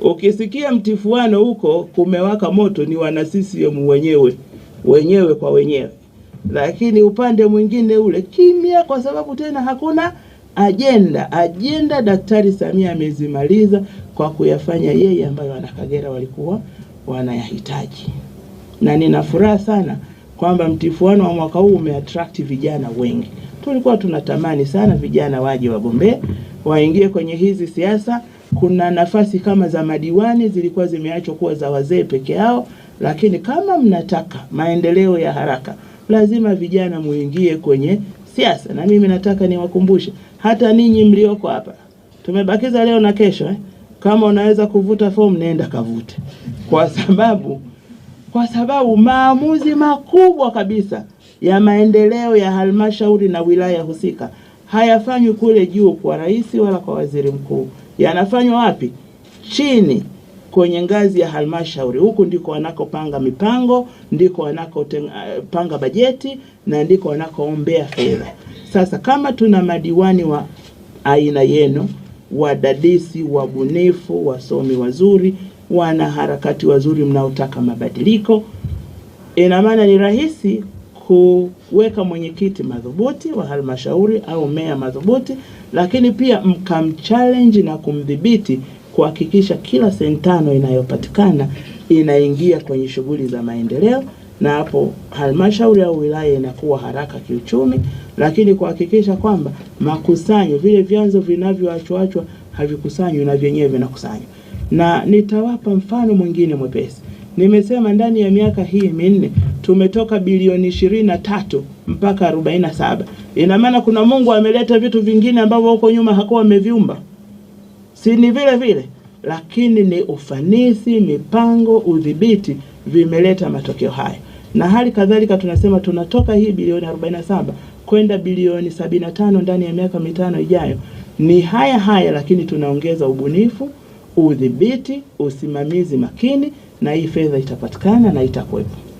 Ukisikia mtifuano huko kumewaka moto, ni wana CCM wenyewe wenyewe kwa wenyewe, lakini upande mwingine ule kimya, kwa sababu tena hakuna ajenda. Ajenda Daktari Samia amezimaliza kwa kuyafanya yeye ambayo wanakagera walikuwa wanayahitaji, na nina furaha sana kwamba mtifuano wa mwaka huu umeattract vijana wengi. Tulikuwa tunatamani sana vijana waje wagombee, waingie kwenye hizi siasa. Kuna nafasi kama za madiwani zilikuwa zimeachwa kuwa za wazee peke yao, lakini kama mnataka maendeleo ya haraka, lazima vijana muingie kwenye siasa. Na mimi nataka niwakumbushe hata ninyi mlioko hapa, tumebakiza leo na kesho eh? Kama unaweza kuvuta fomu, nenda kavute, kwa sababu kwa sababu maamuzi makubwa kabisa ya maendeleo ya halmashauri na wilaya husika hayafanywi kule juu kwa rais wala kwa waziri mkuu, yanafanywa wapi? Chini kwenye ngazi ya halmashauri. Huku ndiko wanakopanga mipango, ndiko wanakopanga eh, bajeti na ndiko wanakoombea fedha. Sasa kama tuna madiwani wa aina yenu, wadadisi wabunifu, wasomi wazuri, wana harakati wazuri mnaotaka mabadiliko, ina maana ni rahisi kuweka mwenyekiti madhubuti wa halmashauri au meya madhubuti, lakini pia mkamchallenge na kumdhibiti kuhakikisha kila sentano inayopatikana inaingia kwenye shughuli za maendeleo, na hapo halmashauri au wilaya inakuwa haraka kiuchumi, lakini kuhakikisha kwamba makusanyo, vile vyanzo vinavyoachwaachwa havikusanywi na vyenyewe vinakusanywa. Na nitawapa mfano mwingine mwepesi. Nimesema ndani ya miaka hii minne tumetoka bilioni ishirini na tatu mpaka arobaini na saba. Ina maana kuna Mungu ameleta vitu vingine ambavyo huko nyuma hakuwa ameviumba, si ni vile vile, lakini ni ufanisi, mipango, udhibiti vimeleta matokeo haya. Na hali kadhalika tunasema tunatoka hii bilioni 47 kwenda bilioni 75 ndani ya miaka mitano ijayo. Ni haya haya, lakini tunaongeza ubunifu, udhibiti, usimamizi makini, na hii fedha itapatikana na itakuwepo.